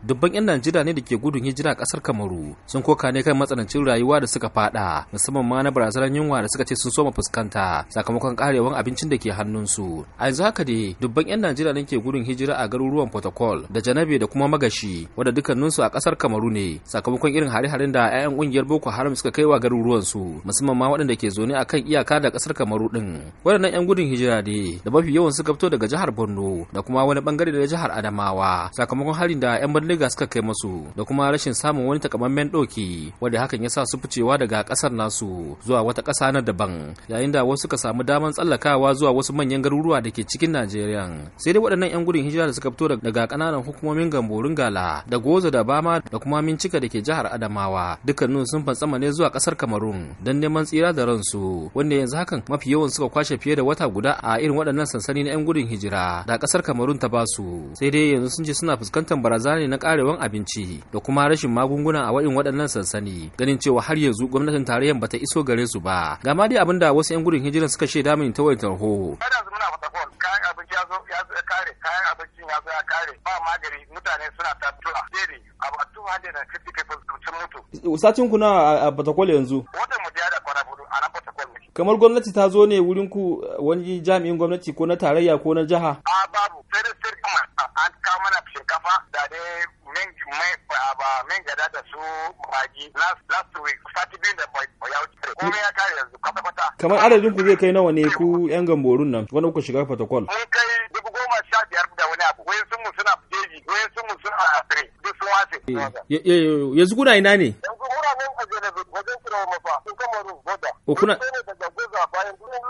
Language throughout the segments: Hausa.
dubban 'yan najeriya ne da ke gudun hijira kasar kamaru sun koka ne kan matsanancin rayuwa da suka fada musamman ma na barazanar yunwa da suka ce sun soma fuskanta sakamakon karewan abincin da ke hannunsu a yanzu haka dai dubban 'yan najeriya ne ke gudun hijira a garuruwan protocol da janabe da kuma magashi wadda dukkaninsu a kasar kamaru ne sakamakon irin hare-haren da 'ya'yan kungiyar boko haram suka kai wa garuruwansu musamman ma waɗanda ke zaune a kan iyaka da kasar kamaru din waɗannan 'yan gudun hijira ne da mafi yawan suka fito daga jihar borno da kuma wani bangare da jihar adamawa sakamakon harin da 'yan bindiga suka kai masu da kuma rashin samun wani takamammen ɗauki wanda hakan ya sa su ficewa daga ƙasar nasu zuwa wata ƙasa na daban yayin da wasu suka samu damar tsallakawa zuwa wasu manyan garuruwa da ke cikin Najeriya sai dai waɗannan 'yan gudun hijira da suka fito daga ƙananan hukumomin Gamborin Gala da Goza da Bama da kuma Mincika da ke jihar Adamawa dukkanin sun fantsama ne zuwa ƙasar Kamarun don neman tsira da ransu wanda yanzu hakan mafi yawan suka kwashe fiye da wata guda a irin waɗannan sansani na 'yan gudun hijira da ƙasar Kamarun ta basu sai dai yanzu sun ce suna fuskantar barazana ne na karewan abinci da kuma rashin magunguna a wa'in waɗannan sansani ganin cewa har yanzu gwamnatin tarayyar bata iso gare su ba ga ma dai abin da wasu 'yan gudun hijiran suka shaida min ta wayar tarho. kayan kayan ya zo kare ba magani mutane suna mutu. Satin kuna a Batakwal yanzu? Wata mu da kwana budu a nan Batakwal. Kamar gwamnati ta zo ne wurin ku wani jami'in gwamnati ko na tarayya ko na jiha? men gada da su maji last week fati bin da ya wuce kuma ya kare yanzu kwata-kwata. Kamar adadin ku zai kai nawa ne ku 'yan gamborun nan wani ku shiga protocol? Mun kai dubu goma sha biyar da wani abu wayan sun mun suna jeji wayan sun mun suna a tire duk sun wace. Eh, yanzu kuna ina ne? Yanzu oh, kuna mun a Jenebe wajen Kirawa Mafa sun kama rufin goda. Kuna? ne bayan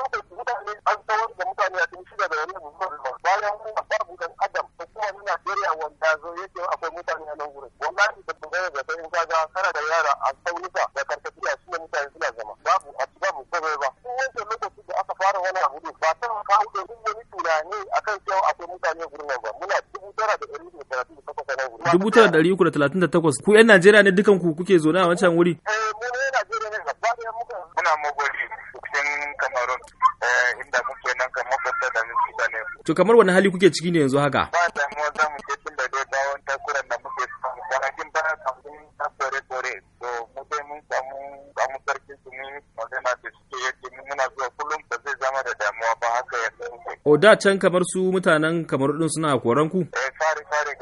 wallahi da bugai da kai ka ga kana da yara a kauyuka da karkati a cikin mutane suna zama babu a babu komai ba duk wancan lokaci da aka fara wani abu ne ba ta kawo da duk wani tunani akan cewa akwai mutane gurin nan ba muna dubu tara da ɗari da talatin da takwas a nan dubu tara da ɗari uku da talatin da takwas ku 'yan Najeriya ne dukan ku kuke zo a wancan wuri. Eh mu ne Najeriya ne gaba ɗaya muka muna mogoli cikin Cameroon eh, inda muke nan kan makwabta da mutane. To kamar wani hali kuke ciki ne yanzu haka? O da can kamar su mutanen kamar din suna koran ku? Eh fari fari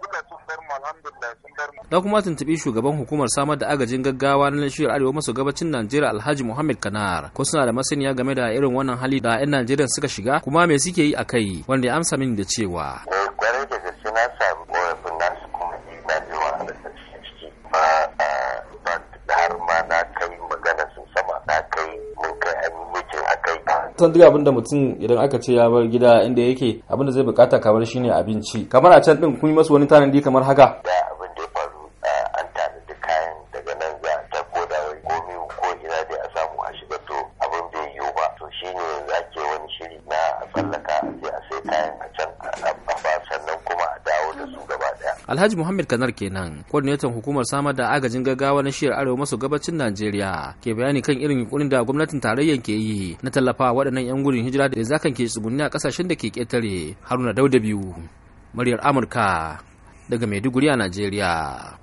duka sun bar mu sun bar mu. Da kuma tuntubi shugaban hukumar samar da agajin gaggawa na shiyar Arewa maso gabacin Najeriya Alhaji Muhammad Kanar. Ko suna da masaniya game da irin wannan hali da 'yan Najeriya suka shiga kuma me suke yi a kai wanda ya amsa min da cewa. Eh, san duk abin da mutum idan aka ce ya bar gida inda yake abin da zai bukata kamar shine abinci kamar a can din kun yi masu wani tanadi kamar haka shine zake wani shiri na a tsallaka a kayan a can Alhaji Muhammad Kanar kenan, coordinator hukumar samar da agajin gaggawa na shiyar Arewa maso gabacin Najeriya, ke bayani kan irin yunkurin da gwamnatin tarayyan ke yi na tallafa waɗannan 'yan gudun hijira da zakan ke tsugunni a ƙasashen da ke ƙetare Haruna Dauda biyu, muryar Amurka daga Maiduguri a Najeriya.